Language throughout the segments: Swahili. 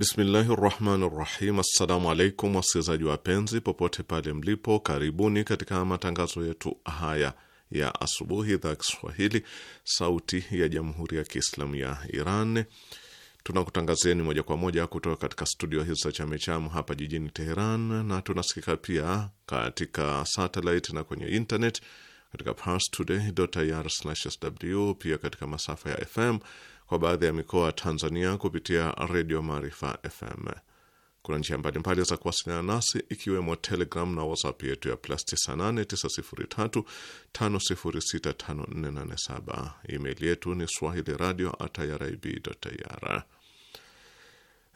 Bismillahi rahmani rahim. Assalamu alaikum wasikilizaji wapenzi, popote pale mlipo, karibuni katika matangazo yetu haya ya asubuhi, idhaa Kiswahili sauti ya jamhuri ya Kiislamu ya Iran. Tunakutangazieni moja kwa moja kutoka katika studio hizi za Chamechamu hapa jijini Teheran, na tunasikika pia katika satellite na kwenye internet katika parstoday.ir/sw, pia katika masafa ya FM kwa baadhi ya mikoa ya Tanzania kupitia Redio Maarifa FM. Kuna njia mbalimbali za kuwasiliana nasi ikiwemo Telegram na WhatsApp yetu ya plus 989035065487. Email yetu ni swahili radio at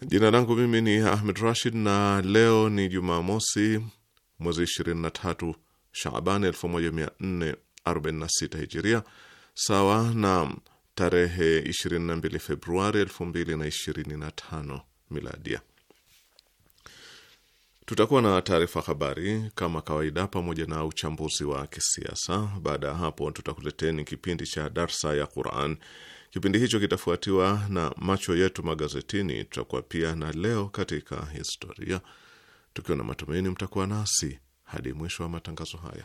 Jina langu mimi ni Ahmed Rashid na leo ni Jumamosi mwezi 23 Shaaban 1446 Hijiria sawa na tarehe 22 Februari 2025 miladia. Tutakuwa na taarifa habari kama kawaida, pamoja na uchambuzi wa kisiasa. Baada ya hapo, tutakuleteni kipindi cha darsa ya Quran. Kipindi hicho kitafuatiwa na macho yetu magazetini. Tutakuwa pia na leo katika historia, tukiwa na matumaini mtakuwa nasi hadi mwisho wa matangazo haya.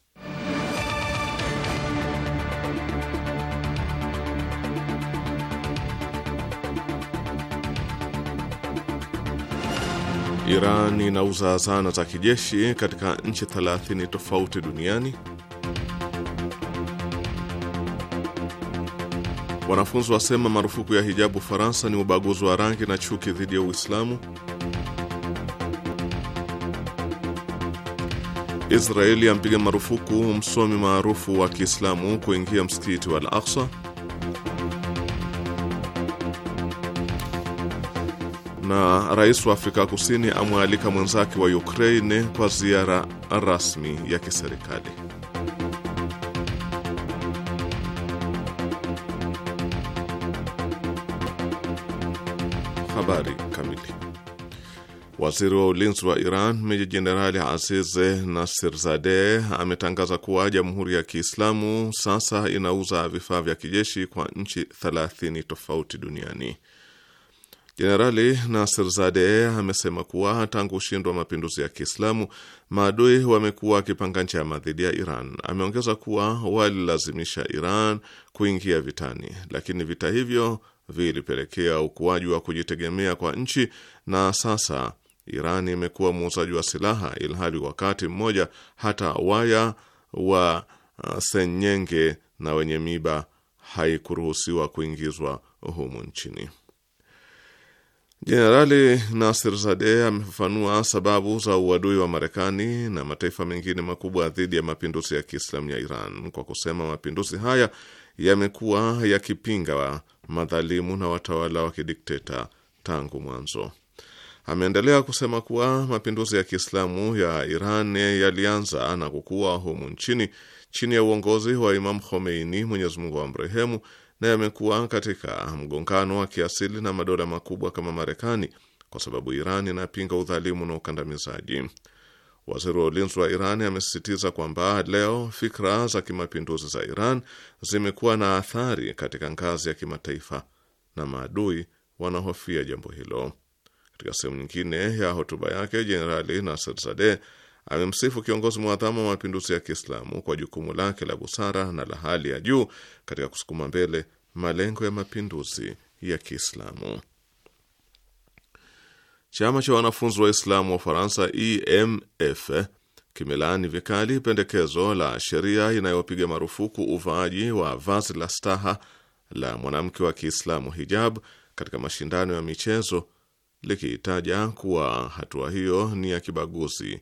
Iran inauza zana za kijeshi katika nchi 30 tofauti duniani. Wanafunzi wasema marufuku ya hijabu Faransa ni ubaguzi wa rangi na chuki dhidi ya Uislamu. Israeli ampiga marufuku msomi maarufu wa Kiislamu kuingia msikiti wa Al-Aqsa. na rais wa Afrika Kusini amwalika mwenzake wa Ukraine kwa ziara rasmi ya kiserikali. Habari kamili. Waziri wa ulinzi wa Iran meja jenerali Aziz Nasirzadeh ametangaza kuwa Jamhuri ya Kiislamu sasa inauza vifaa vya kijeshi kwa nchi 30 tofauti duniani. Jenerali nasir Zade amesema kuwa tangu ushindi wa mapinduzi ya Kiislamu maadui wamekuwa wakipanga njama dhidi ya Iran. Ameongeza kuwa walilazimisha Iran kuingia vitani, lakini vita hivyo vilipelekea ukuaji wa kujitegemea kwa nchi na sasa Iran imekuwa muuzaji wa silaha, ilhali wakati mmoja hata waya wa uh, senyenge na wenye miba haikuruhusiwa kuingizwa humu nchini. Jenerali Nasir zade amefafanua sababu za uadui wa Marekani na mataifa mengine makubwa dhidi ya mapinduzi ya Kiislamu ya Iran kwa kusema mapinduzi haya yamekuwa yakipinga madhalimu na watawala wa kidikteta tangu mwanzo. Ameendelea kusema kuwa mapinduzi ya Kiislamu ya Iran yalianza na kukua humu nchini chini ya uongozi wa Imam Khomeini, Mwenyezi Mungu wa mrehemu na yamekuwa katika mgongano wa kiasili na madola makubwa kama Marekani kwa sababu Iran inapinga udhalimu na ukandamizaji. Waziri wa ulinzi wa Iran amesisitiza kwamba leo fikra za kimapinduzi za Iran zimekuwa na athari katika ngazi ya kimataifa na maadui wanahofia jambo hilo. Katika sehemu nyingine ya hotuba yake, Jenerali Nasser Zadeh amemsifu kiongozi mwadhamu wa mapinduzi ya Kiislamu kwa jukumu lake la busara na la hali ya juu katika kusukuma mbele malengo ya mapinduzi ya Kiislamu. Chama cha wanafunzi wa Islamu wa Ufaransa EMF kimelaani vikali pendekezo la sheria inayopiga marufuku uvaaji wa vazi la staha la mwanamke wa Kiislamu hijab katika mashindano ya michezo likihitaja kuwa hatua hiyo ni ya kibaguzi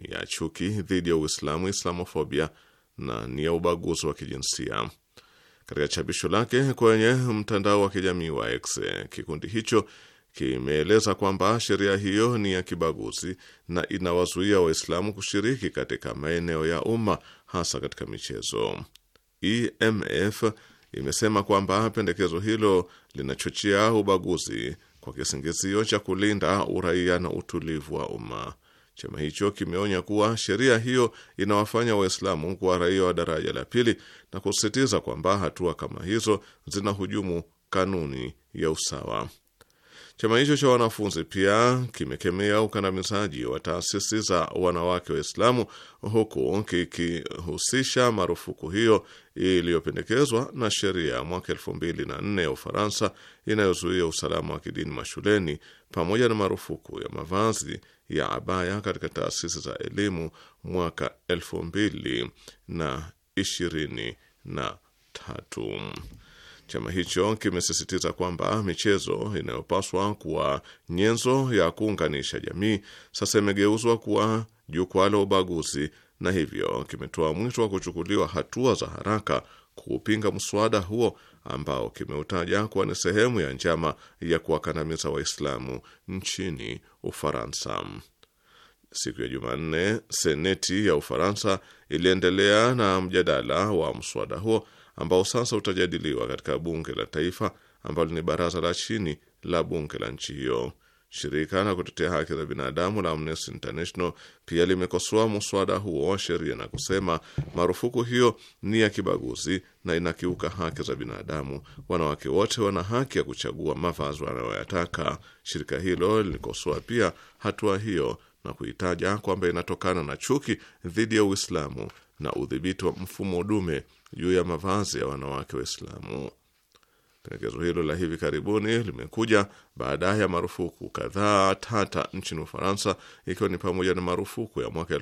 ni ya chuki dhidi ya Uislamu, Islamofobia, na ni ya ubaguzi wa kijinsia. Katika chapisho lake kwenye mtandao wa kijamii wa X, kikundi hicho kimeeleza kwamba sheria hiyo ni ya kibaguzi na inawazuia Waislamu kushiriki katika maeneo ya umma, hasa katika michezo. EMF imesema kwamba pendekezo hilo linachochea ubaguzi kwa kisingizio cha kulinda uraia na utulivu wa umma. Chama hicho kimeonya kuwa sheria hiyo inawafanya Waislamu kuwa raia wa daraja la pili na kusisitiza kwamba hatua kama hizo zinahujumu kanuni ya usawa. Chama hicho cha wanafunzi pia kimekemea ukandamizaji wa taasisi za wanawake Waislamu huku kikihusisha marufuku hiyo iliyopendekezwa na sheria ya mwaka elfu mbili na nne ya Ufaransa inayozuia usalama wa kidini mashuleni pamoja na marufuku ya mavazi ya abaya katika taasisi za elimu mwaka elfu mbili na ishirini na tatu. Chama hicho kimesisitiza kwamba michezo inayopaswa kuwa nyenzo ya kuunganisha jamii sasa imegeuzwa kuwa jukwaa la ubaguzi na hivyo kimetoa mwito wa kuchukuliwa hatua za haraka kuupinga mswada huo ambao kimeutaja kuwa ni sehemu ya njama ya kuwakandamiza Waislamu nchini Ufaransa. Siku ya Jumanne, seneti ya Ufaransa iliendelea na mjadala wa mswada huo ambao sasa utajadiliwa katika bunge la taifa ambalo ni baraza la chini la bunge la nchi hiyo. Shirika la kutetea haki za binadamu la Amnesty International pia limekosoa muswada huo wa sheria na kusema marufuku hiyo ni ya kibaguzi na inakiuka haki za binadamu. Wanawake wote wana haki ya kuchagua mavazi wanayoyataka. Shirika hilo lilikosoa pia hatua hiyo na kuitaja kwamba inatokana na chuki dhidi ya Uislamu na udhibiti wa mfumo dume juu ya mavazi ya wanawake Waislamu. Pendekezo hilo la hivi karibuni limekuja baada ya marufuku kadhaa tata nchini Ufaransa, ikiwa ni pamoja na marufuku ya mwaka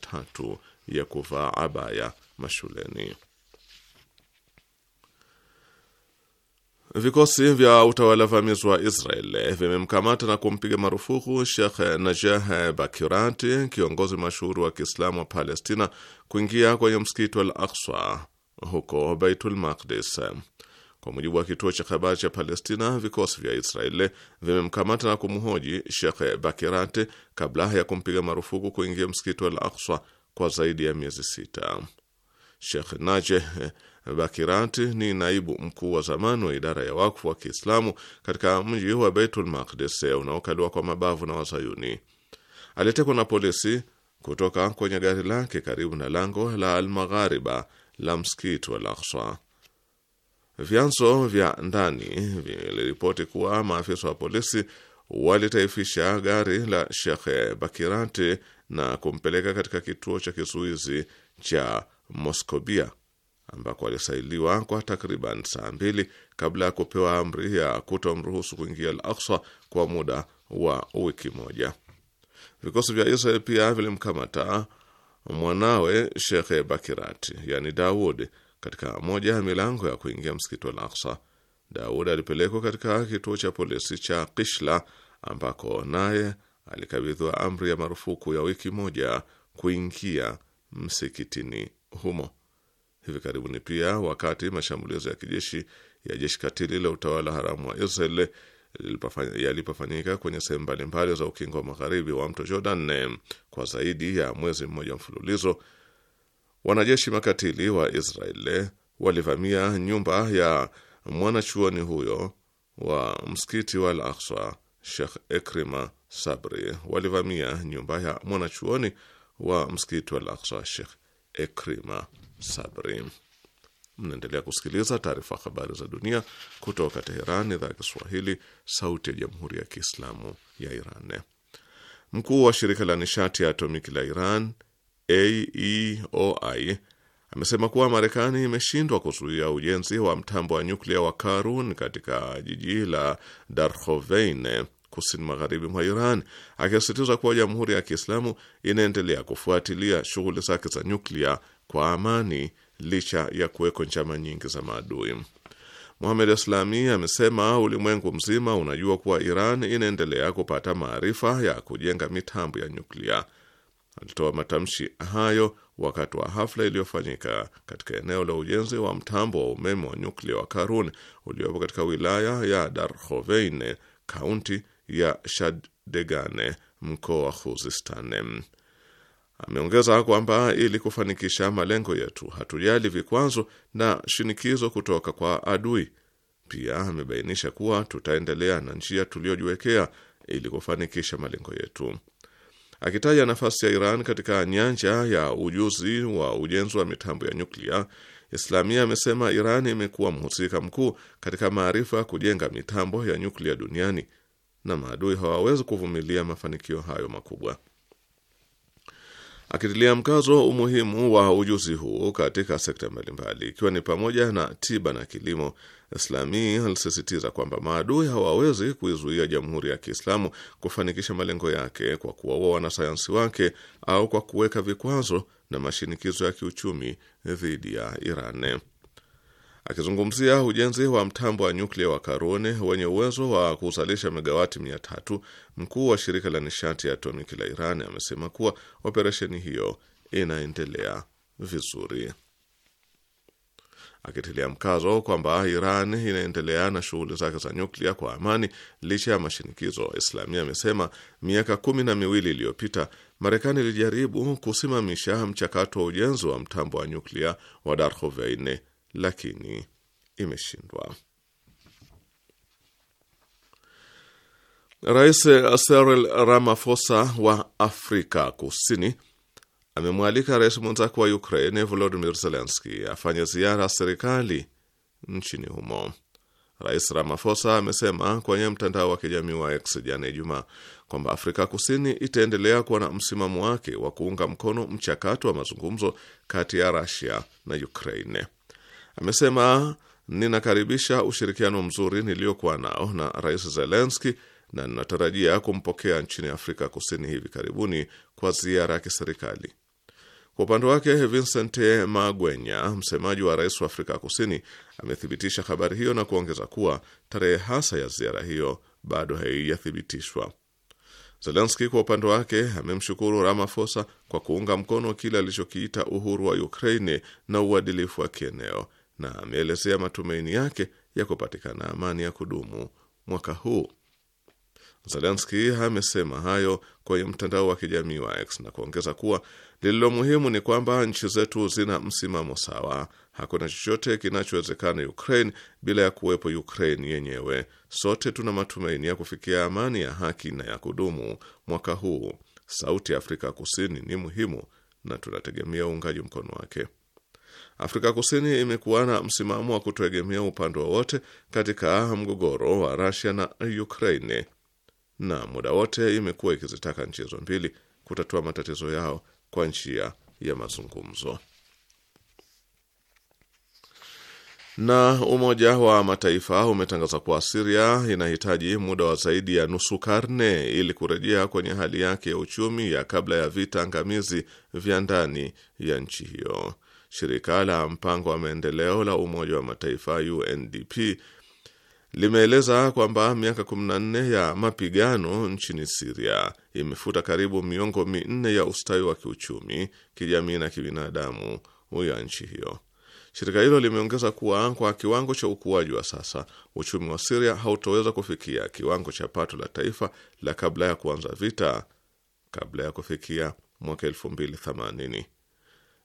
tatu ya kuvaa abaya mashuleni. Vikosi vya utawala vamizi wa Israel vimemkamata na kumpiga marufuku Shekh Najah Bakirati, kiongozi mashuhuri wa Kiislamu wa Palestina, kuingia kwenye msikiti wa Al Akswa huko Baitul Maqdis. Kwa mujibu wa kituo cha habari cha Palestina, vikosi vya Israeli vimemkamata na kumhoji Shekh Bakirate kabla ya kumpiga marufuku kuingia msikiti wa Al Akswa kwa zaidi ya miezi sita. Shekh Naje Bakirati ni naibu mkuu wa zamani wa idara ya wakfu wa Kiislamu katika mji wa Beitul Makdis unaokaliwa kwa mabavu na Wazayuni. Alitekwa na polisi kutoka kwenye gari lake karibu na lango la Almaghariba la msikiti wa Al Akswa. Vyanzo vya ndani viliripoti kuwa maafisa wa polisi walitaifisha gari la Shekhe Bakirati na kumpeleka katika kituo cha kizuizi cha Moskobia ambako alisailiwa kwa takriban saa mbili kabla ya kupewa amri ya kutomruhusu kuingia Al-Aqsa kwa muda wa wiki moja. Vikosi vya Israel pia vilimkamata mwanawe Shekhe Bakirati, yani Daud katika moja ya milango ya kuingia msikiti wa Al-Aqsa, Daud alipelekwa katika kituo cha polisi cha Kishla ambako naye alikabidhiwa amri ya marufuku ya wiki moja kuingia msikitini humo. Hivi karibuni pia, wakati mashambulizi ya kijeshi ya jeshi katili la utawala haramu wa Israel yalipofanyika kwenye sehemu mbalimbali za ukingo wa magharibi wa mto Jordan kwa zaidi ya mwezi mmoja mfululizo Wanajeshi makatili wa Israel walivamia nyumba ya mwanachuoni huyo wa msikiti wa Al Aqsa, Sheikh Ekrima Sabri. Walivamia nyumba ya mwanachuoni wa msikiti wa Al Aqsa, Sheikh Ekrima Sabri. Mnaendelea kusikiliza taarifa habari za dunia kutoka Teheran, idhaa ya Kiswahili, sauti ya jamhuri ya kiislamu ya Iran. Mkuu wa shirika la nishati ya atomiki la Iran AEOI amesema kuwa Marekani imeshindwa kuzuia ujenzi wa mtambo wa nyuklia wa Karun katika jiji la darhoveine kusini magharibi mwa Iran, akisisitiza kuwa Jamhuri ya Kiislamu inaendelea kufuatilia shughuli zake za nyuklia kwa amani licha ya kuweko njama nyingi za maadui. muhamed Islami amesema ulimwengu mzima unajua kuwa Iran inaendelea kupata maarifa ya kujenga mitambo ya nyuklia. Alitoa matamshi hayo wakati wa hafla iliyofanyika katika eneo la ujenzi wa mtambo wa umeme wa nyuklia wa Karun uliopo katika wilaya ya Darhovein, kaunti ya Shadegane, mkoa wa Khuzistan. Ameongeza kwamba ili kufanikisha malengo yetu, hatujali vikwazo na shinikizo kutoka kwa adui. Pia amebainisha kuwa tutaendelea na njia tuliyojiwekea ili kufanikisha malengo yetu. Akitaja nafasi ya Iran katika nyanja ya ujuzi wa ujenzi wa mitambo ya nyuklia, Islamia amesema Iran imekuwa mhusika mkuu katika maarifa ya kujenga mitambo ya nyuklia duniani na maadui hawawezi kuvumilia mafanikio hayo makubwa. Akitilia mkazo umuhimu wa ujuzi huu katika sekta mbalimbali, ikiwa ni pamoja na tiba na kilimo, Islami alisisitiza kwamba maadui hawawezi kuizuia Jamhuri ya Kiislamu kufanikisha malengo yake kwa kuwaua wanasayansi wake au kwa kuweka vikwazo na mashinikizo ya kiuchumi dhidi ya Iran. Akizungumzia ujenzi wa mtambo wa nyuklia wa Karone wenye uwezo wa kuzalisha megawati mia tatu, mkuu wa shirika la nishati ya atomiki la Iran amesema kuwa operesheni hiyo inaendelea vizuri akitilia mkazo kwamba Iran inaendelea na shughuli zake za nyuklia kwa amani licha ya mashinikizo. Islamia amesema miaka kumi na miwili iliyopita Marekani ilijaribu kusimamisha mchakato wa ujenzi wa mtambo wa nyuklia wa Darhoveine lakini imeshindwa. Rais Cyril Ramaphosa wa Afrika Kusini amemwalika rais mwenzake wa Ukraine Volodimir Zelenski afanye ziara serikali nchini humo. Rais Ramafosa amesema kwenye mtandao wa kijamii wa X jana Ijumaa kwamba Afrika Kusini itaendelea kuwa na msimamo wake wa kuunga mkono mchakato wa mazungumzo kati ya rasia na Ukraine. Amesema ninakaribisha ushirikiano mzuri niliyokuwa nao na Rais Zelenski na ninatarajia kumpokea nchini Afrika Kusini hivi karibuni kwa ziara ya kiserikali. Kwa upande wake, Vincent Magwenya, msemaji wa rais wa Afrika Kusini, amethibitisha habari hiyo na kuongeza kuwa tarehe hasa ya ziara hiyo bado haijathibitishwa. Zelenski kwa upande wake amemshukuru Ramaphosa kwa kuunga mkono kile alichokiita uhuru wa ukraini na uadilifu wa kieneo na ameelezea matumaini yake ya kupatikana amani ya kudumu mwaka huu. Zelenski amesema hayo kwenye mtandao wa kijamii wa X na kuongeza kuwa lililo muhimu ni kwamba nchi zetu zina msimamo sawa. Hakuna chochote kinachowezekana Ukraine bila ya kuwepo Ukraine yenyewe. Sote tuna matumaini ya kufikia amani ya haki na ya kudumu mwaka huu. Sauti ya Afrika Kusini ni muhimu na tunategemea uungaji mkono wake. Afrika Kusini imekuwa na msimamo wa kutoegemea upande wowote katika mgogoro wa Russia na Ukraine na muda wote imekuwa ikizitaka nchi hizo mbili kutatua matatizo yao kwa njia ya mazungumzo. Na Umoja wa Mataifa umetangaza kuwa Siria inahitaji muda wa zaidi ya nusu karne ili kurejea kwenye hali yake ya uchumi ya kabla ya vita angamizi vya ndani ya nchi hiyo. Shirika la mpango wa maendeleo la Umoja wa Mataifa UNDP limeeleza kwamba miaka 14 ya mapigano nchini Siria imefuta karibu miongo minne ya ustawi wa kiuchumi, kijamii na kibinadamu ya nchi hiyo. Shirika hilo limeongeza kuwa kwa kiwango cha ukuaji wa sasa, uchumi wa Siria hautoweza kufikia kiwango cha pato la taifa la kabla ya kuanza vita, kabla ya kufikia mwaka 2080.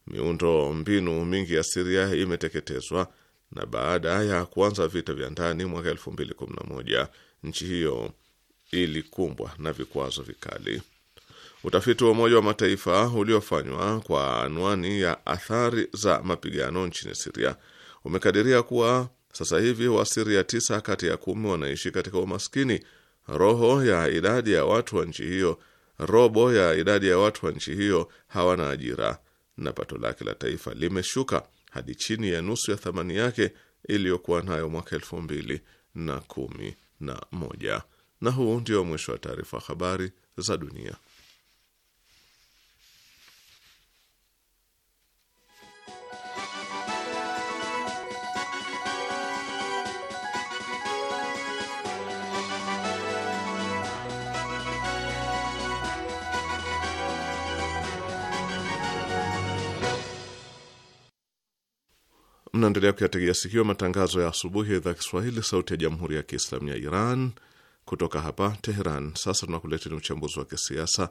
Miundo mbinu mingi ya Siria imeteketezwa na baada ya kuanza vita vya ndani mwaka moja nchi hiyo ilikumbwa na vikwazo vikali. Utafiti wa Umoja wa Mataifa uliofanywa kwa anwani ya athari za mapigano nchini Siria umekadiria kuwa sasa hivi Wasiria tisa kati ya kumi wanaishi katika umaskini, roho ya idadi ya watu wa nchi hiyo, robo ya idadi ya watu wa nchi hiyo hawana ajira na pato lake la taifa limeshuka hadi chini ya nusu ya thamani yake iliyokuwa nayo mwaka elfu mbili na kumi na moja. Na huu ndio mwisho wa taarifa habari za dunia. Mnaendelea kuyategea sikio matangazo ya asubuhi ya idhaa Kiswahili sauti ya jamhuri ya kiislamu ya Iran kutoka hapa Teheran. Sasa tunakuleteni uchambuzi wa kisiasa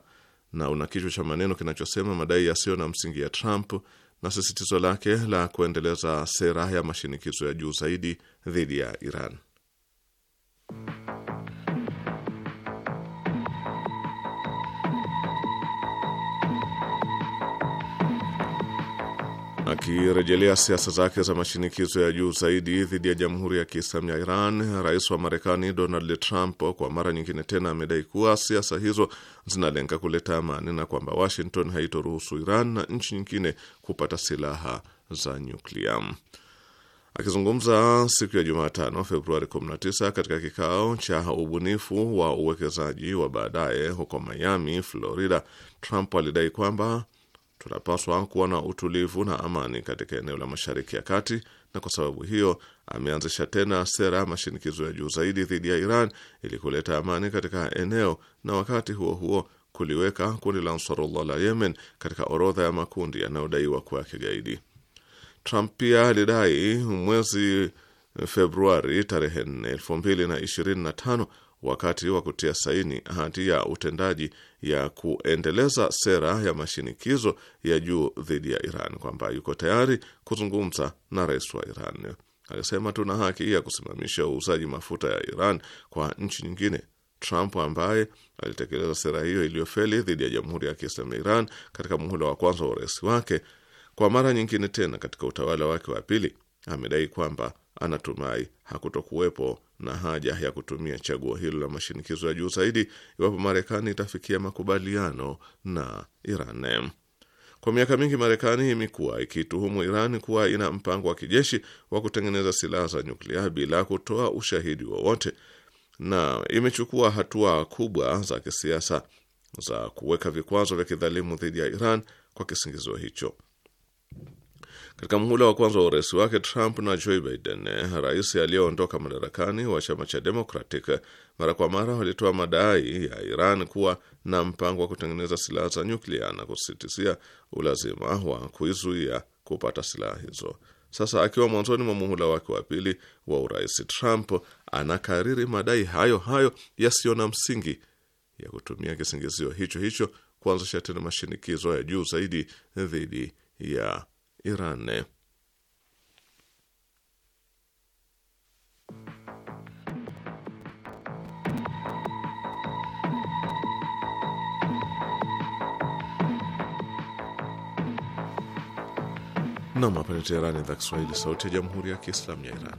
na una kichwa cha maneno kinachosema madai yasiyo na msingi ya Trump na sisitizo lake la kuendeleza sera ya mashinikizo ya juu zaidi dhidi ya Iran. Akirejelea siasa zake za mashinikizo ya juu zaidi dhidi ya Jamhuri ya Kiislamu ya Iran, rais wa Marekani Donald Trump kwa mara nyingine tena amedai kuwa siasa hizo zinalenga kuleta amani na kwamba Washington haitoruhusu Iran na nchi nyingine kupata silaha za nyuklia. Akizungumza siku ya Jumatano, Februari 19 katika kikao cha ubunifu wa uwekezaji wa baadaye huko Miami, Florida, Trump alidai kwamba tunapaswa kuwa na utulivu na amani katika eneo la Mashariki ya Kati, na kwa sababu hiyo ameanzisha tena sera ya mashinikizo ya juu zaidi dhidi ya Iran ili kuleta amani katika eneo na wakati huo huo kuliweka kundi la Ansarullah la Yemen katika orodha ya makundi yanayodaiwa kuwa ya kigaidi. Trump pia alidai mwezi Februari tarehe 4, 2025 wakati wa kutia saini hati ya utendaji ya kuendeleza sera ya mashinikizo ya juu dhidi ya Iran kwamba yuko tayari kuzungumza na rais wa Iran. Alisema tuna haki ya kusimamisha uuzaji mafuta ya Iran kwa nchi nyingine. Trump ambaye alitekeleza sera hiyo iliyofeli dhidi ya Jamhuri ya Kiislamu ya Iran katika muhula wa kwanza wa urais wake, kwa mara nyingine tena katika utawala wake wa pili amedai kwamba anatumai hakutokuwepo na haja ya kutumia chaguo hilo la mashinikizo ya juu zaidi iwapo Marekani itafikia makubaliano na Iran. Kwa miaka mingi Marekani imekuwa ikituhumu Iran kuwa ina mpango wa kijeshi wa kutengeneza silaha za nyuklia bila kutoa ushahidi wowote, na imechukua hatua kubwa za kisiasa za kuweka vikwazo vya kidhalimu dhidi ya Iran kwa kisingizio hicho. Katika muhula wa kwanza wa urais wake Trump na Joe Biden, rais aliyeondoka madarakani wa chama cha Democratic, mara kwa mara walitoa madai ya Iran kuwa na mpango wa kutengeneza silaha za nyuklia na kusisitizia ulazima wa kuizuia kupata silaha hizo. Sasa akiwa mwanzoni mwa muhula wake wa pili wa urais, Trump anakariri madai hayo hayo yasiyo na msingi ya kutumia kisingizio hicho hicho kuanzisha tena mashinikizo ya juu zaidi dhidi ya Iran. Nam, hapa ni Teherani, Kiswahili, sauti ya jamhuri ya kiislamu ya Iran.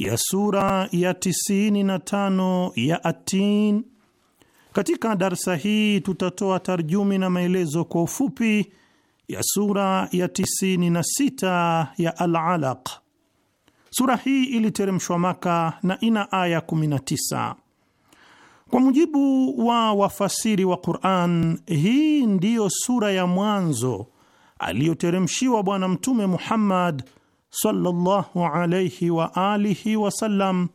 ya sura ya 95 ya Atin. Katika darsa hii tutatoa tarjumi na maelezo kwa ufupi ya sura ya 96 ya Al-Alaq. Sura hii iliteremshwa Maka na ina aya 19. Kwa mujibu wa wafasiri wa Qur'an, hii ndiyo sura ya mwanzo aliyoteremshiwa Bwana Mtume Muhammad sallallahu alayhi wa alihi sallam,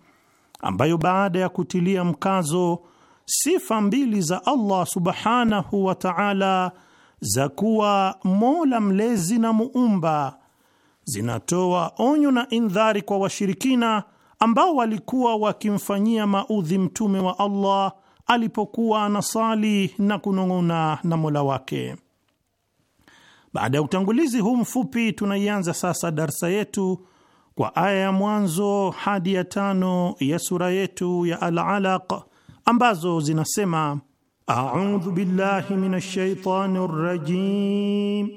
ambayo baada ya kutilia mkazo sifa mbili za Allah subhanahu wa ta'ala za kuwa Mola mlezi na muumba zinatoa onyo na indhari kwa washirikina ambao walikuwa wakimfanyia maudhi mtume wa Allah alipokuwa anasali na kunong'ona na Mola wake. Baada ya utangulizi huu mfupi, tunaianza sasa darsa yetu kwa aya ya mwanzo hadi ya tano ya sura yetu ya Al-Alaq ambazo zinasema: audhu billahi minash shaitani rrajim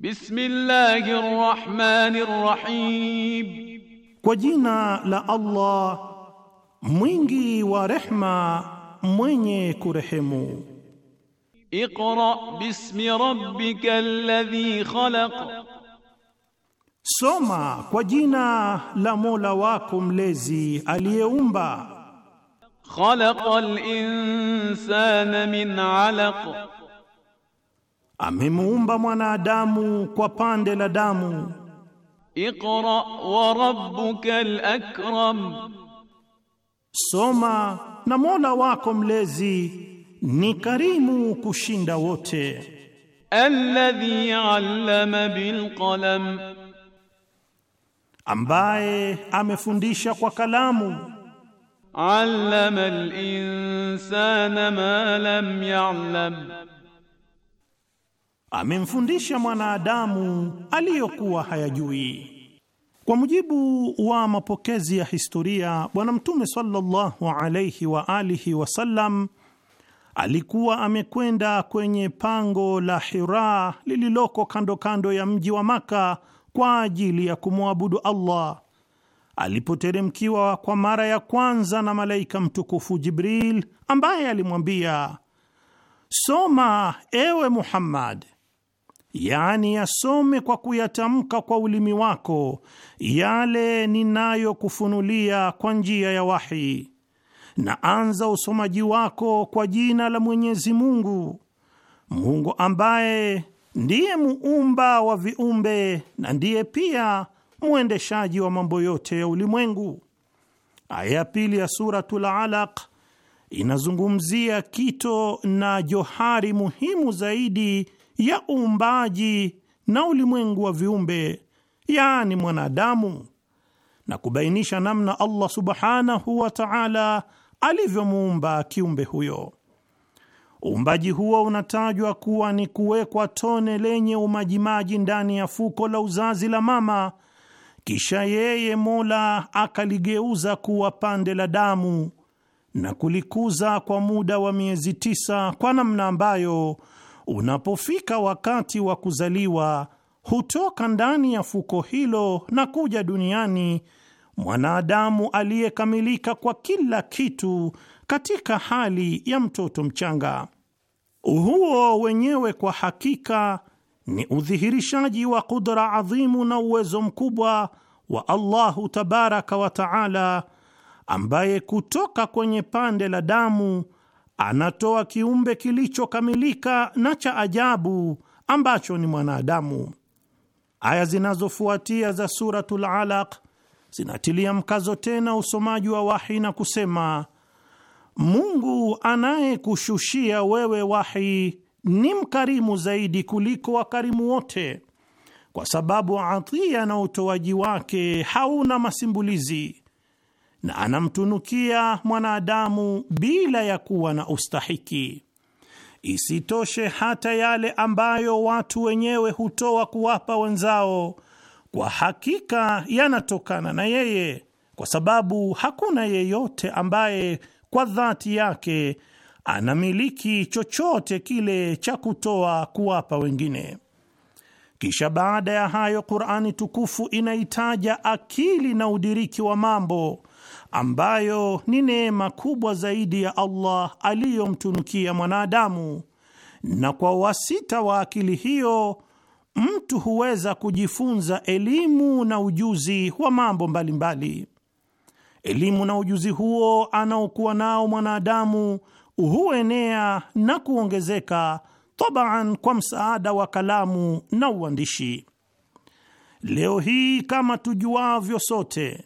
bismillahi rrahmani rrahim, kwa jina la Allah mwingi wa rehma mwenye kurehemu. اقرأ باسm rabbika alladhi khalaq, soma kwa jina la Mola wako mlezi aliyeumba. Khalaqal insana min alaq, amemuumba mwanadamu kwa pande la damu. Iqra wa rabbukal akram, soma na Mola wako mlezi ni karimu kushinda wote. Alladhi allama bilqalam, ambaye amefundisha kwa kalamu. Allama alinsana ma lam ya'lam, amemfundisha mwanadamu aliyokuwa hayajui. Kwa mujibu wa mapokezi ya historia, Bwana Mtume sallallahu alayhi wa alihi wasallam alikuwa amekwenda kwenye pango la Hira lililoko kando kando ya mji wa Maka kwa ajili ya kumwabudu Allah alipoteremkiwa kwa mara ya kwanza na malaika mtukufu Jibril, ambaye alimwambia soma, ewe Muhammad, yaani yasome kwa kuyatamka kwa ulimi wako yale ninayokufunulia kwa njia ya wahi na anza usomaji wako kwa jina la Mwenyezi Mungu, Mungu ambaye ndiye muumba wa viumbe na ndiye pia mwendeshaji wa mambo yote ya ulimwengu. Aya ya pili ya Suratul Alaq inazungumzia kito na johari muhimu zaidi ya uumbaji na ulimwengu wa viumbe, yaani mwanadamu, na kubainisha namna Allah subhanahu wa ta'ala alivyomuumba kiumbe huyo. Uumbaji huo unatajwa kuwa ni kuwekwa tone lenye umajimaji ndani ya fuko la uzazi la mama, kisha yeye Mola akaligeuza kuwa pande la damu na kulikuza kwa muda wa miezi tisa, kwa namna ambayo unapofika wakati wa kuzaliwa hutoka ndani ya fuko hilo na kuja duniani mwanadamu aliyekamilika kwa kila kitu katika hali ya mtoto mchanga. Huo wenyewe kwa hakika ni udhihirishaji wa kudra adhimu na uwezo mkubwa wa Allahu tabaraka wa taala, ambaye kutoka kwenye pande la damu anatoa kiumbe kilichokamilika na cha ajabu ambacho ni mwanadamu. Aya zinazofuatia za Suratul Alaq zinatilia mkazo tena usomaji wa wahi na kusema, Mungu anayekushushia wewe wahi ni mkarimu zaidi kuliko wakarimu wote, kwa sababu atia na utoaji wake hauna masimbulizi na anamtunukia mwanadamu bila ya kuwa na ustahiki. Isitoshe, hata yale ambayo watu wenyewe hutoa kuwapa wenzao kwa hakika yanatokana na yeye, kwa sababu hakuna yeyote ambaye kwa dhati yake anamiliki chochote kile cha kutoa kuwapa wengine. Kisha baada ya hayo, Qur'ani tukufu inaitaja akili na udiriki wa mambo ambayo ni neema kubwa zaidi ya Allah aliyomtunukia mwanadamu, na kwa wasita wa akili hiyo mtu huweza kujifunza elimu na ujuzi wa mambo mbalimbali Elimu na ujuzi huo anaokuwa nao mwanadamu huenea na kuongezeka tabaan, kwa msaada wa kalamu na uandishi. Leo hii kama tujuavyo sote,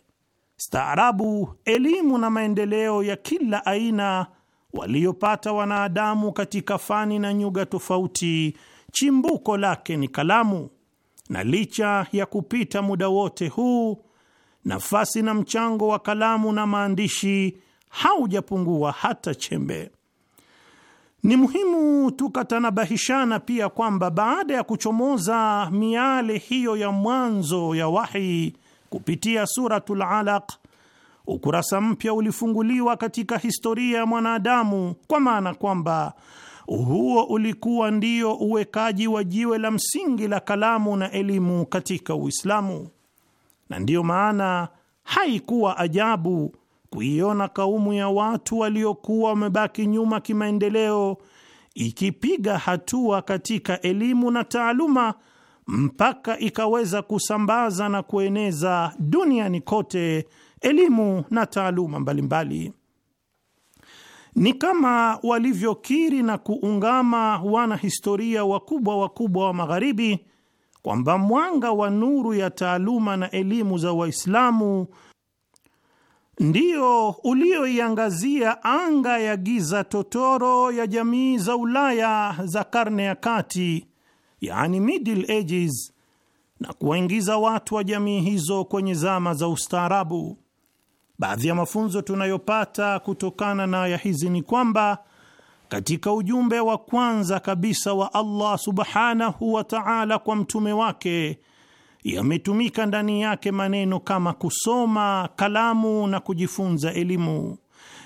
staarabu, elimu na maendeleo ya kila aina waliopata wanadamu katika fani na nyuga tofauti chimbuko lake ni kalamu, na licha ya kupita muda wote huu, nafasi na mchango wa kalamu na maandishi haujapungua hata chembe. Ni muhimu tukatanabahishana pia kwamba baada ya kuchomoza miale hiyo ya mwanzo ya wahi kupitia Suratul Alaq, ukurasa mpya ulifunguliwa katika historia ya mwanadamu, kwa maana kwamba huo ulikuwa ndio uwekaji wa jiwe la msingi la kalamu na elimu katika Uislamu, na ndiyo maana haikuwa ajabu kuiona kaumu ya watu waliokuwa wamebaki nyuma kimaendeleo ikipiga hatua katika elimu na taaluma mpaka ikaweza kusambaza na kueneza duniani kote elimu na taaluma mbalimbali mbali. Ni kama walivyokiri na kuungama wanahistoria wakubwa wakubwa wa Magharibi kwamba mwanga wa nuru ya taaluma na elimu za Waislamu ndio ulioiangazia anga ya giza totoro ya jamii za Ulaya za karne ya kati, yani Middle Ages, na kuwaingiza watu wa jamii hizo kwenye zama za ustaarabu. Baadhi ya mafunzo tunayopata kutokana na aya hizi ni kwamba katika ujumbe wa kwanza kabisa wa Allah subhanahu wa ta'ala kwa mtume wake yametumika ndani yake maneno kama kusoma, kalamu na kujifunza elimu,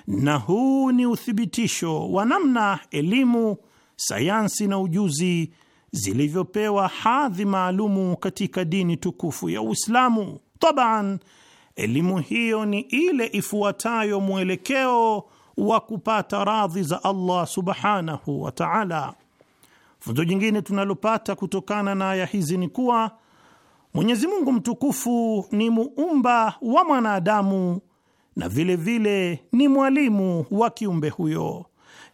na huu ni uthibitisho wa namna elimu, sayansi na ujuzi zilivyopewa hadhi maalumu katika dini tukufu ya Uislamu. Taban, elimu hiyo ni ile ifuatayo mwelekeo wa kupata radhi za Allah subhanahu wa ta'ala. Funzo jingine tunalopata kutokana na aya hizi ni kuwa Mwenyezi Mungu mtukufu ni muumba wa mwanadamu na vile vile ni mwalimu wa kiumbe huyo,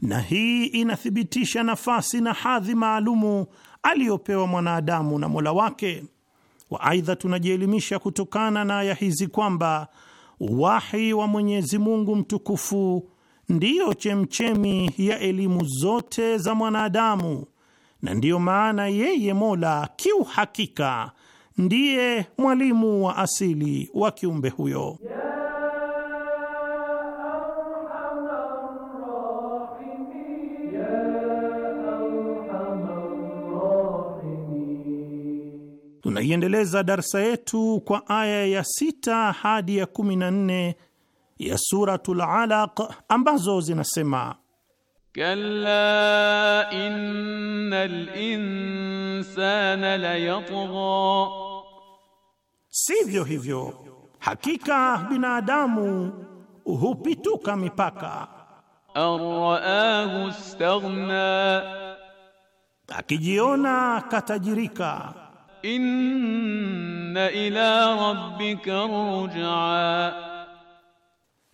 na hii inathibitisha nafasi na hadhi maalumu aliyopewa mwanadamu na Mola wake wa. Aidha, tunajielimisha kutokana na aya hizi kwamba wahi wa Mwenyezi Mungu mtukufu ndiyo chemchemi ya elimu zote za mwanadamu, na ndiyo maana yeye Mola kiuhakika ndiye mwalimu wa asili wa kiumbe huyo, yeah. tunaiendeleza darsa yetu kwa aya ya sita hadi ya kumi na nne ya Suratul Alaq ambazo zinasema Kalla innal insana layatgha, sivyo hivyo, hakika binadamu hupituka mipaka. Araahu staghna, akijiona katajirika inna ila rabbika ruj'a,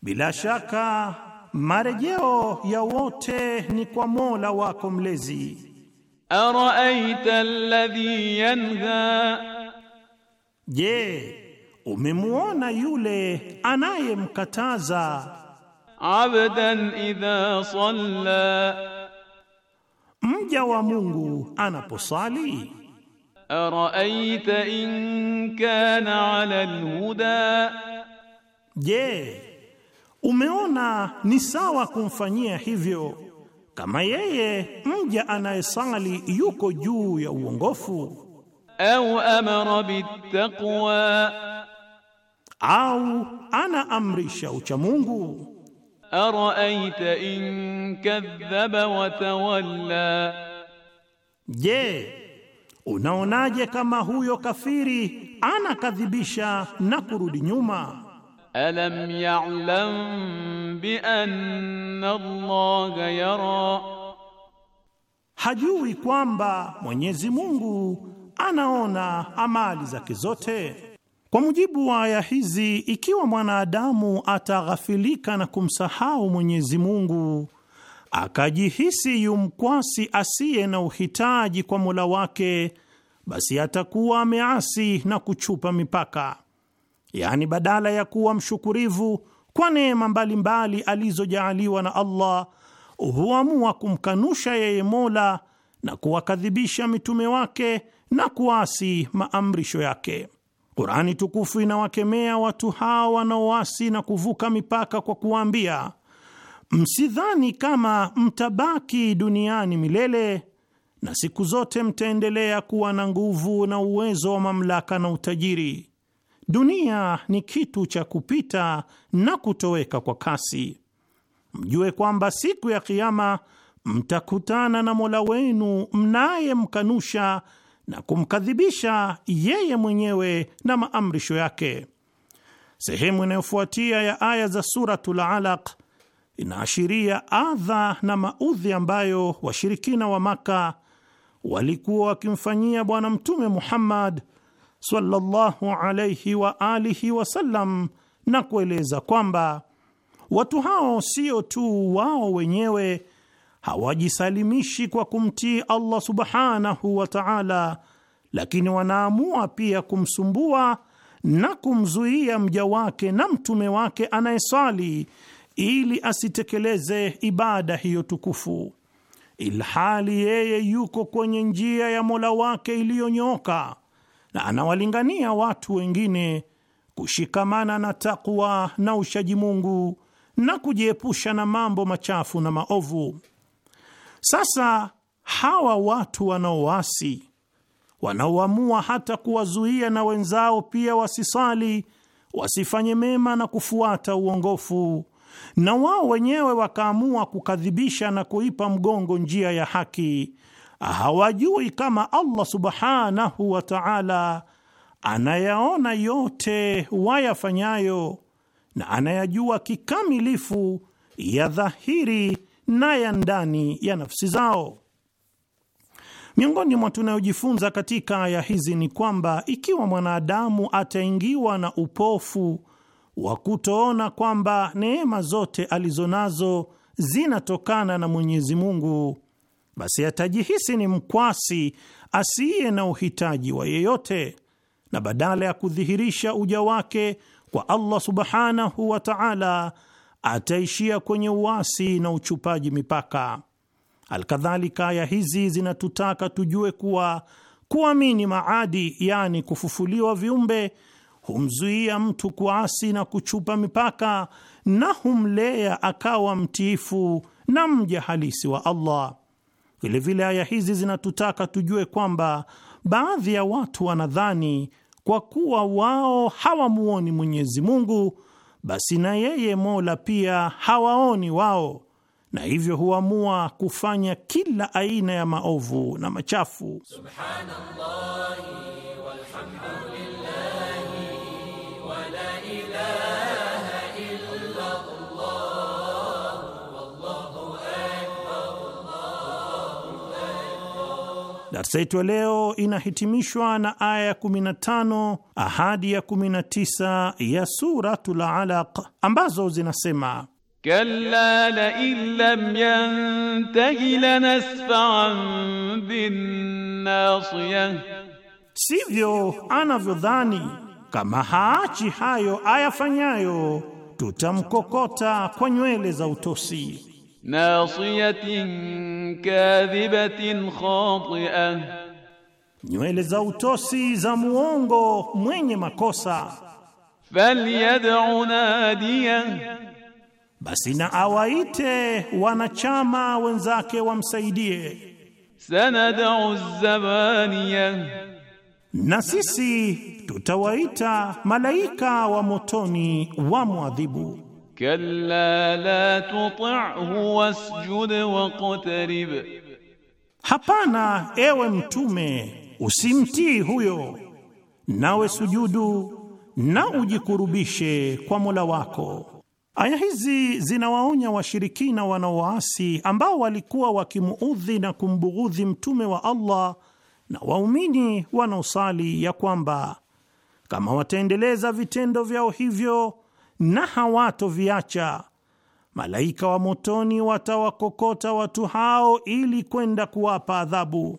bila shaka marejeo ya wote ni kwa Mola wako mlezi. Araita alladhi yanha, je, umemwona yule anayemkataza. Abdan idha salla, mja wa Mungu anaposali araita in kana ala alhuda, je, umeona ni sawa kumfanyia hivyo kama yeye mja anayesali yuko juu ya uongofu? Au amara bittaqwa, au anaamrisha uchamungu Mungu. in kadhaba wa tawalla, je Unaonaje kama huyo kafiri anakadhibisha na kurudi nyuma? Alam ya'lam bi anna Allah yara, hajui kwamba Mwenyezi Mungu anaona amali zake zote. Kwa mujibu wa aya hizi, ikiwa mwanadamu ataghafilika na kumsahau Mwenyezi Mungu akajihisi yumkwasi asiye na uhitaji kwa Mola wake, basi atakuwa ameasi na kuchupa mipaka, yaani badala ya kuwa mshukurivu kwa neema mbalimbali alizojaaliwa na Allah huamua kumkanusha yeye Mola na kuwakadhibisha mitume wake na kuasi maamrisho yake. Kurani tukufu inawakemea watu hawa wanaoasi na kuvuka mipaka kwa kuwaambia Msidhani kama mtabaki duniani milele na siku zote mtaendelea kuwa na nguvu na uwezo wa mamlaka na utajiri. Dunia ni kitu cha kupita na kutoweka kwa kasi. Mjue kwamba siku ya Kiama mtakutana na Mola wenu mnayemkanusha na kumkadhibisha yeye mwenyewe na maamrisho yake. Sehemu inayofuatia ya aya za Suratul Alaq inaashiria adha na maudhi ambayo washirikina wa Maka walikuwa wakimfanyia Bwana Mtume Muhammad sallallahu alayhi wa alihi wasallam, na kueleza kwamba watu hao sio tu wao wenyewe hawajisalimishi kwa kumtii Allah subhanahu wa ta'ala, lakini wanaamua pia kumsumbua na kumzuia mja wake na mtume wake anayeswali ili asitekeleze ibada hiyo tukufu, ilhali yeye yuko kwenye njia ya Mola wake iliyonyooka na anawalingania watu wengine kushikamana na takwa na ushaji Mungu na kujiepusha na mambo machafu na maovu. Sasa hawa watu wanaowasi, wanaoamua hata kuwazuia na wenzao pia wasisali, wasifanye mema na kufuata uongofu na wao wenyewe wakaamua kukadhibisha na kuipa mgongo njia ya haki, hawajui kama Allah subhanahu wa ta'ala anayaona yote wayafanyayo na anayajua kikamilifu ya dhahiri na ya ndani ya nafsi zao. Miongoni mwa tunayojifunza katika aya hizi ni kwamba ikiwa mwanadamu ataingiwa na upofu wa kutoona kwamba neema zote alizo nazo zinatokana na Mwenyezi Mungu, basi atajihisi ni mkwasi asiye na uhitaji wa yeyote, na badala ya kudhihirisha uja wake kwa Allah subhanahu wa ta'ala ataishia kwenye uasi na uchupaji mipaka. Alkadhalika, aya hizi zinatutaka tujue kuwa kuamini maadi, yani kufufuliwa viumbe humzuia mtu kuasi na kuchupa mipaka na humlea akawa mtiifu na mja halisi wa Allah. Vilevile aya hizi zinatutaka tujue kwamba baadhi ya watu wanadhani kwa kuwa wao hawamuoni Mwenyezi Mungu, basi na yeye Mola pia hawaoni wao, na hivyo huamua kufanya kila aina ya maovu na machafu. Subhanallah. Darsa yetu ya leo inahitimishwa na aya ya 15 ahadi ya 19 ya Suratul Alaq ambazo zinasema kalla la lam yantahi lanasfa'an binnasiyah, sivyo anavyodhani kama haachi hayo ayafanyayo, tutamkokota kwa nywele za utosi nasiyatin nywele za utosi za muongo mwenye makosa. Falyad'u nadiya, basi na awaite wanachama wenzake wamsaidie. Sanad'u zabaniya, na sisi tutawaita malaika wa motoni wa mwadhibu. Kalla la tuti'hu wasjud waqtarib, hapana ewe Mtume, usimtii huyo, nawe sujudu na ujikurubishe kwa Mola wako. Aya hizi zinawaonya washirikina wanaowaasi ambao walikuwa wakimuudhi na kumbughudhi mtume wa Allah na waumini wanaosali ya kwamba kama wataendeleza vitendo vyao hivyo na hawatoviacha. Malaika wa motoni watawakokota watu hao ili kwenda kuwapa adhabu.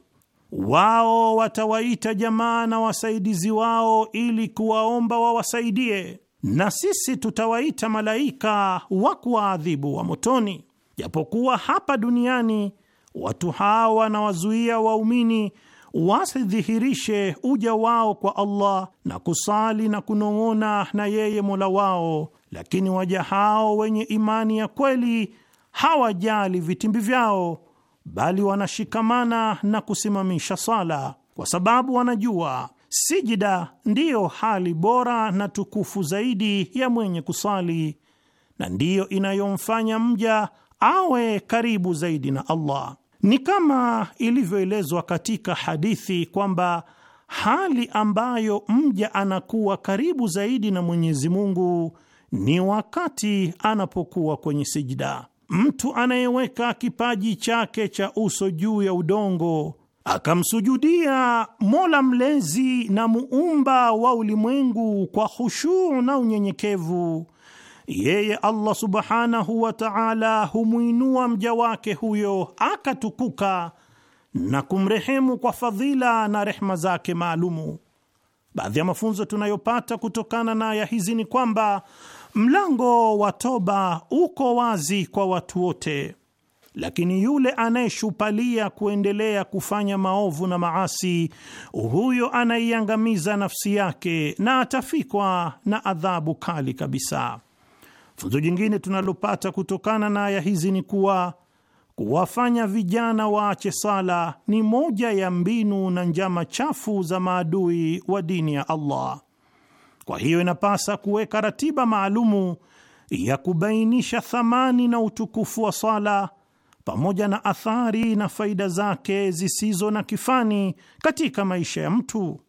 Wao watawaita jamaa na wasaidizi wao ili kuwaomba wawasaidie, na sisi tutawaita malaika wa kuwaadhibu wa motoni. Japokuwa hapa duniani watu hao wanawazuia waumini wasidhihirishe uja wao kwa Allah na kusali na kunong'ona na yeye Mola wao, lakini waja hao wenye imani ya kweli hawajali vitimbi vyao, bali wanashikamana na kusimamisha sala, kwa sababu wanajua sijida ndiyo hali bora na tukufu zaidi ya mwenye kusali na ndiyo inayomfanya mja awe karibu zaidi na Allah. Ni kama ilivyoelezwa katika hadithi kwamba hali ambayo mja anakuwa karibu zaidi na Mwenyezi Mungu ni wakati anapokuwa kwenye sijida. Mtu anayeweka kipaji chake cha uso juu ya udongo akamsujudia Mola mlezi na muumba wa ulimwengu kwa hushuu na unyenyekevu yeye Allah subhanahu wa ta'ala humwinua mja wake huyo akatukuka na kumrehemu kwa fadhila na rehma zake maalumu. Baadhi ya mafunzo tunayopata kutokana na aya hizi ni kwamba mlango wa toba uko wazi kwa watu wote, lakini yule anayeshupalia kuendelea kufanya maovu na maasi, huyo anaiangamiza nafsi yake na atafikwa na adhabu kali kabisa. Funzo jingine tunalopata kutokana na aya hizi ni kuwa kuwafanya vijana waache sala ni moja ya mbinu na njama chafu za maadui wa dini ya Allah. Kwa hiyo inapasa kuweka ratiba maalumu ya kubainisha thamani na utukufu wa sala pamoja na athari na faida zake zisizo na kifani katika maisha ya mtu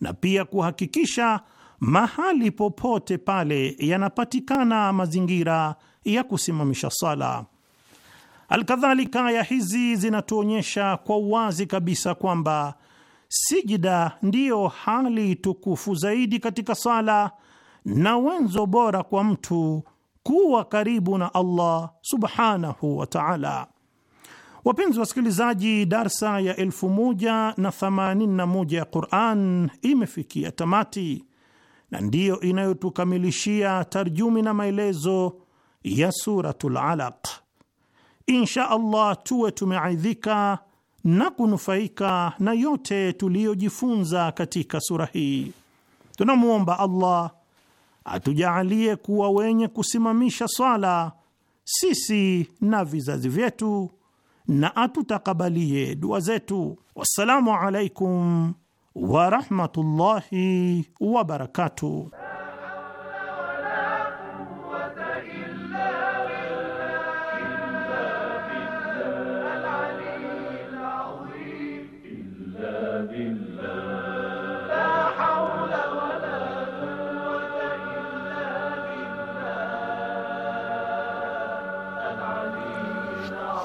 na pia kuhakikisha mahali popote pale yanapatikana mazingira ya kusimamisha sala. Alkadhalika, aya hizi zinatuonyesha kwa uwazi kabisa kwamba sijida ndiyo hali tukufu zaidi katika sala na wenzo bora kwa mtu kuwa karibu na Allah subhanahu wa ta'ala. Wapenzi wasikilizaji, darsa ya 1081 ya Qur'an imefikia tamati na ndiyo inayotukamilishia tarjumi na maelezo ya Suratul Alaq. Insha Allah tuwe tumeaidhika na kunufaika na yote tuliyojifunza katika sura hii. Tunamwomba Allah atujaalie kuwa wenye kusimamisha swala sisi na vizazi vyetu na atutakabalie dua zetu. Wassalamu alaikum ورحمة الله وبركاته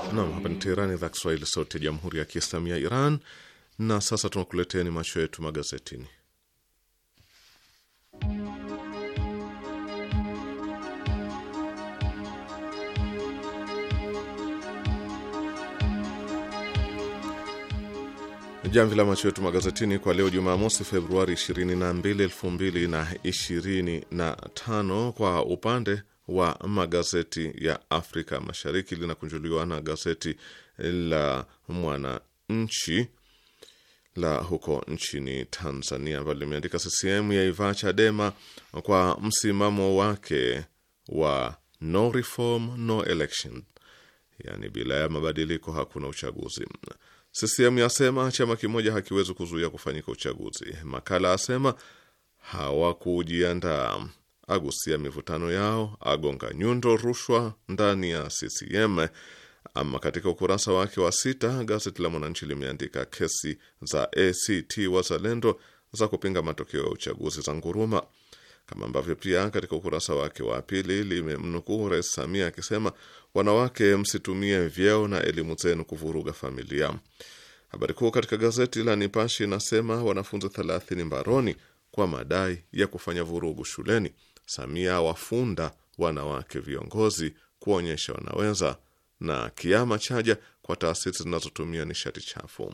Nam, hapa ni Teherani, idhaa Kiswahili, sauti ya jamhuri ya kiislamu ya Iran. Na sasa tunakuleteni macho yetu magazetini. Jamvi la macho yetu magazetini kwa leo Jumamosi, Februari 22, 2025 kwa upande wa magazeti ya Afrika Mashariki linakunjuliwa na gazeti la Mwananchi la huko nchini Tanzania ambalo limeandika CCM yaivaa Chadema kwa msimamo wake wa no reform no election, yani bila ya mabadiliko hakuna uchaguzi. CCM yasema chama kimoja hakiwezi kuzuia kufanyika uchaguzi. Makala asema hawakujiandaa, agusia mivutano yao, agonga nyundo rushwa ndani ya CCM. Ama katika ukurasa wake wa sita, gazeti la Mwananchi limeandika kesi za ACT Wazalendo za kupinga matokeo ya uchaguzi za nguruma, kama ambavyo pia katika ukurasa wake wa pili limemnukuu Rais Samia akisema, wanawake msitumie vyeo na elimu zenu kuvuruga familia. Habari kuu katika gazeti la nipashi inasema wanafunzi thelathini mbaroni kwa madai ya kufanya vurugu shuleni. Samia wafunda wanawake viongozi kuonyesha wanaweza na kiama chaja kwa taasisi zinazotumia nishati chafu.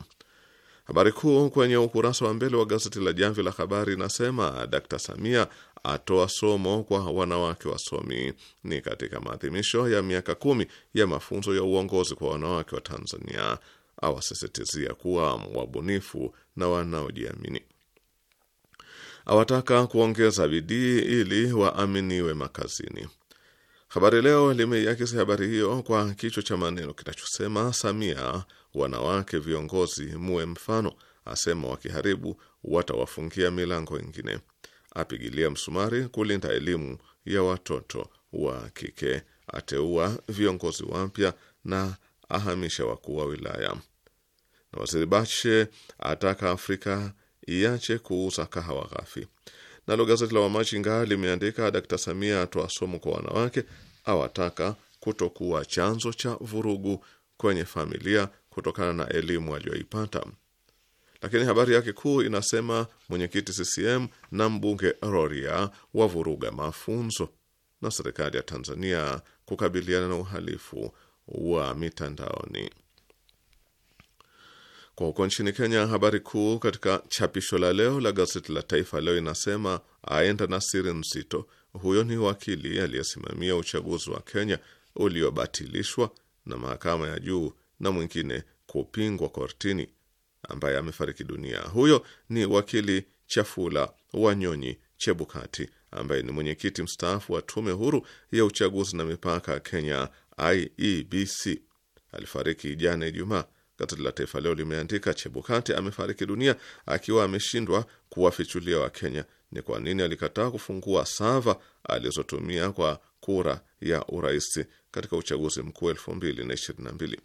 Habari kuu kwenye ukurasa wa mbele wa gazeti la Jamvi la Habari inasema Dkt Samia atoa somo kwa wanawake wasomi. Ni katika maadhimisho ya miaka kumi ya mafunzo ya uongozi kwa wanawake wa Tanzania, awasisitizia kuwa wabunifu na wanaojiamini. Awataka kuongeza bidii ili waaminiwe makazini. Habari Leo limeiakisi habari hiyo kwa kichwa cha maneno kinachosema Samia, wanawake viongozi muwe mfano, asema wakiharibu watawafungia milango ingine, apigilia msumari kulinda elimu ya watoto wa kike, ateua viongozi wapya na ahamisha wakuu wa wilaya, na Waziri Bashe ataka Afrika iache kuuza kahawa ghafi. Nalo gazeti la Wamachinga limeandika Dkt Samia atoa somo kwa wanawake, awataka kutokuwa chanzo cha vurugu kwenye familia kutokana na elimu aliyoipata. Lakini habari yake kuu inasema mwenyekiti CCM na mbunge wa wavuruga mafunzo, na serikali ya Tanzania kukabiliana na uhalifu wa mitandaoni. Kwa huko nchini Kenya, habari kuu katika chapisho la leo la gazeti la Taifa Leo inasema aenda na siri nzito. Huyo ni wakili aliyesimamia uchaguzi wa Kenya uliobatilishwa na mahakama ya juu na mwingine kupingwa kortini, ambaye amefariki dunia. Huyo ni wakili Chafula Wanyonyi Chebukati ambaye ni mwenyekiti mstaafu wa tume huru ya uchaguzi na mipaka Kenya IEBC. Alifariki jana Ijumaa. Gazeti la Taifa Leo limeandika Chebukati amefariki dunia akiwa ameshindwa kuwafichulia Wakenya ni kwa nini alikataa kufungua sava alizotumia kwa kura ya urais katika uchaguzi mkuu mbili.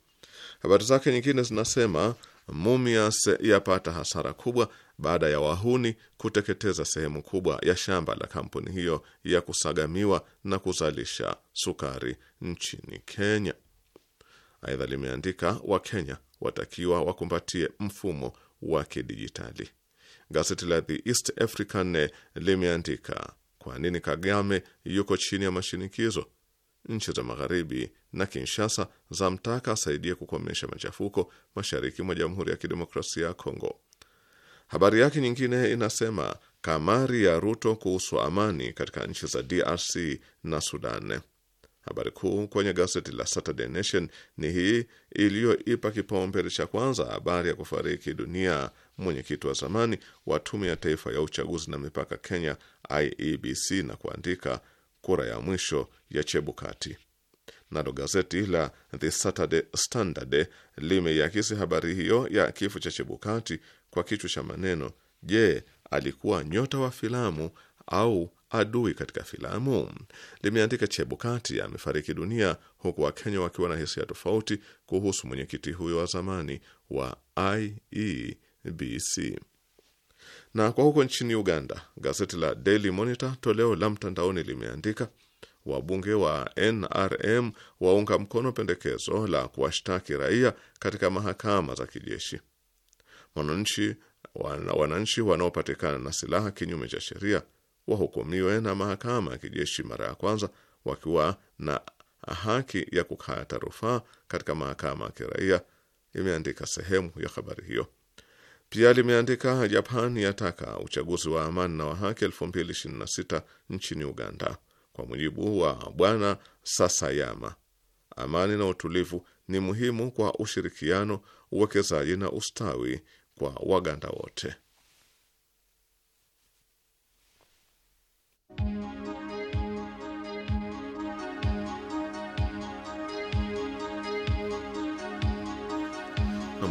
Habari zake nyingine zinasema Mumias yapata hasara kubwa baada ya wahuni kuteketeza sehemu kubwa ya shamba la kampuni hiyo ya kusagamiwa na kuzalisha sukari nchini Kenya. Aidha limeandika Wakenya watakiwa wakumbatie mfumo wa kidijitali. Gazeti la The East African limeandika kwa nini Kagame yuko chini ya mashinikizo? Nchi za magharibi na Kinshasa za mtaka asaidie kukomesha machafuko mashariki mwa Jamhuri ya Kidemokrasia ya Kongo. Habari yake nyingine inasema kamari ya Ruto kuhusu amani katika nchi za DRC na Sudan. Habari kuu kwenye gazeti la Saturday Nation ni hii iliyoipa kipaumbele cha kwanza habari ya kufariki dunia mwenyekiti wa zamani wa tume ya taifa ya uchaguzi na mipaka Kenya, IEBC, na kuandika kura ya mwisho ya Chebukati. Nalo gazeti la The Saturday Standard limeiakisi habari hiyo ya kifo cha Chebukati kwa kichwa cha maneno, Je, alikuwa nyota wa filamu au adui katika filamu, limeandika Chebukati amefariki dunia, huku Wakenya wakiwa na hisia tofauti kuhusu mwenyekiti huyo wa zamani wa IEBC. Na kwa huko nchini Uganda, gazeti la Daily Monitor toleo la mtandaoni limeandika wabunge wa NRM waunga mkono pendekezo la kuwashtaki raia katika mahakama za kijeshi. Wananchi wanaopatikana na silaha kinyume cha sheria wahukumiwe na mahakama ya kijeshi mara ya kwanza wakiwa na haki ya kukata rufaa katika mahakama ya kiraia, imeandika sehemu ya habari hiyo. Pia limeandika Japan yataka uchaguzi wa amani na wa haki 2026 nchini Uganda. Kwa mujibu wa Bwana Sasayama, amani na utulivu ni muhimu kwa ushirikiano, uwekezaji na ustawi kwa Waganda wote.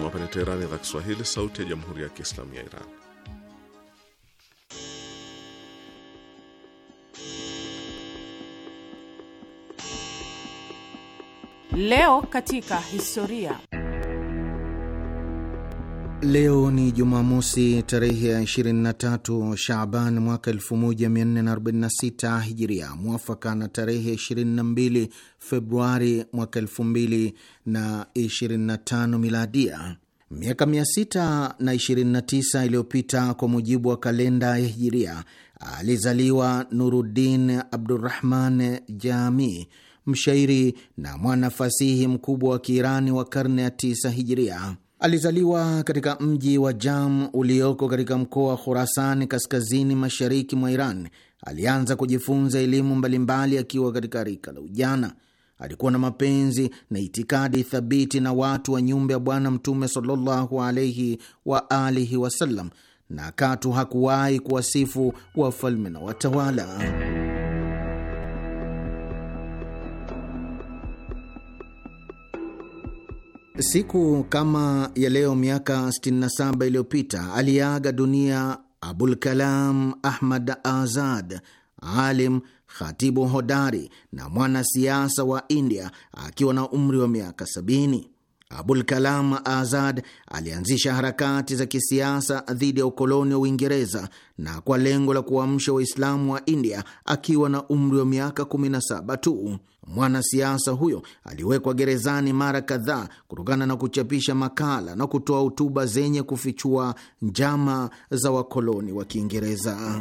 Hapa ni Teherani, idhaa Kiswahili, sauti ya jamhuri ya kiislamu ya Iran. Leo katika historia Leo ni Jumamosi tarehe ya 23 Shaban mwaka 1446 Hijiria, mwafaka na tarehe 22 Februari mwaka 2025 Miladia. Miaka 629 iliyopita kwa mujibu wa kalenda ya Hijiria, alizaliwa Nuruddin Abdurrahman Jami, mshairi na mwanafasihi mkubwa wa Kiirani wa karne ya 9 Hijiria. Alizaliwa katika mji wa Jam ulioko katika mkoa wa Khurasani kaskazini mashariki mwa Iran. Alianza kujifunza elimu mbalimbali akiwa katika rika la ujana. Alikuwa na mapenzi na itikadi thabiti na watu wa nyumba ya Bwana Mtume sallallahu alaihi wa alihi wasallam, na katu hakuwahi kuwasifu wafalme na watawala. Siku kama ya leo miaka 67 iliyopita aliaga dunia Abulkalam Ahmad Azad, alim, khatibu hodari na mwanasiasa wa India akiwa na umri wa miaka 70. Abul Kalam Azad alianzisha harakati za kisiasa dhidi ya ukoloni wa Uingereza na kwa lengo la kuamsha Waislamu wa India akiwa na umri wa miaka 17 tu. Mwanasiasa huyo aliwekwa gerezani mara kadhaa kutokana na kuchapisha makala na kutoa hotuba zenye kufichua njama za wakoloni wa Kiingereza.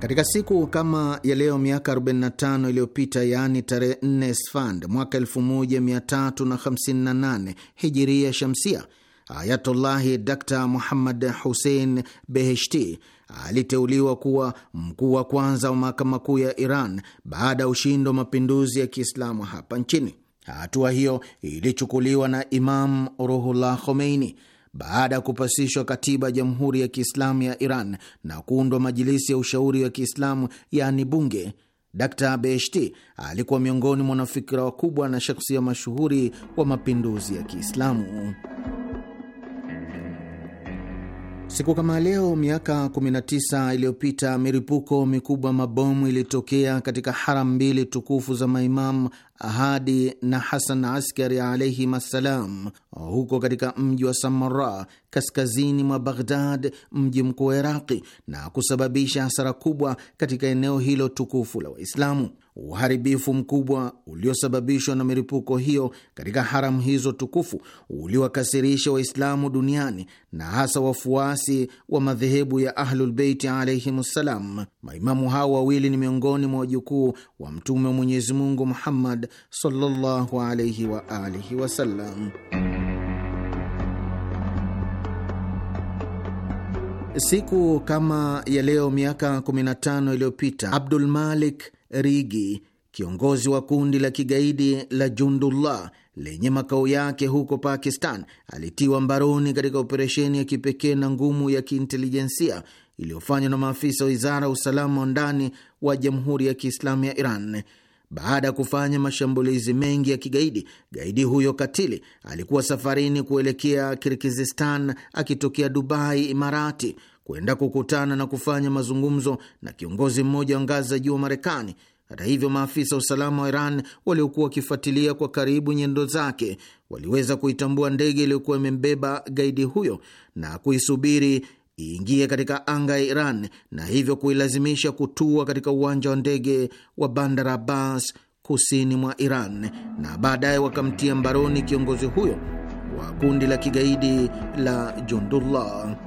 Katika siku kama ya leo miaka 45 iliyopita, yaani tarehe 4 Sfand mwaka 1358 hijiria shamsia, Ayatullahi Dr Muhammad Hussein Beheshti aliteuliwa kuwa mkuu wa kwanza wa mahakama kuu ya Iran baada ya ushindi wa mapinduzi ya Kiislamu hapa nchini. Hatua hiyo ilichukuliwa na Imam Ruhullah Khomeini baada ya kupasishwa katiba ya Jamhuri ya Kiislamu ya Iran na kuundwa Majilisi ya Ushauri wa Kiislamu yaani bunge, Dr Beheshti alikuwa miongoni mwa wanafikira wakubwa na shakhsia mashuhuri wa mapinduzi ya Kiislamu. Siku kama leo miaka 19 iliyopita miripuko mikubwa mabomu ilitokea katika haram mbili tukufu za maimamu hadi na Hasan Askari alaihim assalam huko katika mji wa Samara kaskazini mwa Baghdad, mji mkuu wa Iraqi, na kusababisha hasara kubwa katika eneo hilo tukufu la Waislamu. Uharibifu mkubwa uliosababishwa na milipuko hiyo katika haramu hizo tukufu uliwakasirisha Waislamu duniani na hasa wafuasi wa madhehebu ya Ahlulbeiti alaihim ssalam. Maimamu hao wawili ni miongoni mwa wajukuu wa Mtume wa Mwenyezi Mungu Muhammad sallallahu alaihi wa alihi wasallam. Siku kama ya leo miaka 15 iliyopita Abdul Malik Rigi, kiongozi wa kundi la kigaidi la Jundullah lenye makao yake huko Pakistan, alitiwa mbaroni katika operesheni ya kipekee na ngumu ya kiintelijensia iliyofanywa na maafisa wa wizara ya usalama wa ndani wa Jamhuri ya Kiislamu ya Iran baada ya kufanya mashambulizi mengi ya kigaidi, gaidi huyo katili alikuwa safarini kuelekea Kirgizistan akitokea Dubai, Imarati, kwenda kukutana na kufanya mazungumzo na kiongozi mmoja wa ngazi za juu wa Marekani. Hata hivyo, maafisa wa usalama wa Iran waliokuwa wakifuatilia kwa karibu nyendo zake waliweza kuitambua ndege iliyokuwa imembeba gaidi huyo na kuisubiri iingie katika anga ya Iran na hivyo kuilazimisha kutua katika uwanja wa ndege wa Bandar Abbas kusini mwa Iran, na baadaye wakamtia mbaroni kiongozi huyo wa kundi la kigaidi la Jundullah.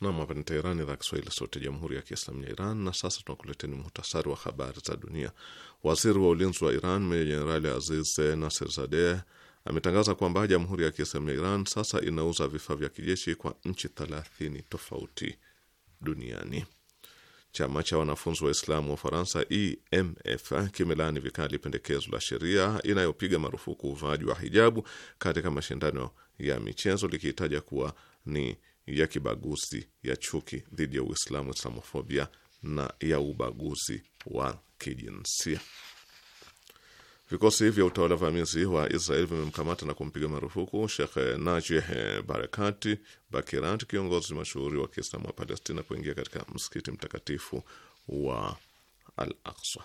Nam, hapa ni Teherani, idhaa Kiswahili, sauti ya jamhuri ya kiislamu ya Iran. Na sasa tunakuleteni muhtasari wa habari za dunia. Waziri wa ulinzi wa Iran Meja Jenerali Aziz Nasirzadeh ametangaza kwamba Jamhuri ya Kiislamu ya Iran sasa inauza vifaa vya kijeshi kwa nchi thelathini tofauti duniani. Chama cha wanafunzi wa islamu wa Ufaransa EMF kimelaani vikali pendekezo la sheria inayopiga marufuku uvaaji wa hijabu katika mashindano ya michezo likihitaja kuwa ni ya kibaguzi, ya chuki dhidi ya Uislamu, islamofobia na ya ubaguzi wa kijinsia. Vikosi vya utawala vamizi wa Israel vimemkamata na kumpiga marufuku Shekh Najih Barakati Bakirat, kiongozi mashuhuri wa Kiislamu wa Palestina, kuingia katika msikiti mtakatifu wa Al Aksa.